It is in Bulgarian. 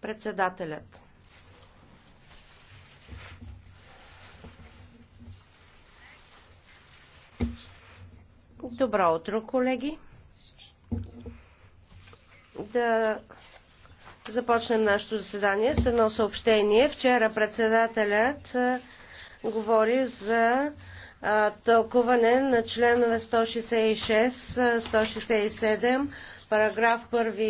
Председателят. Добро утро, колеги. Да започнем нашето заседание с едно съобщение. Вчера председателят говори за тълкуване на членове 166, 167, параграф 1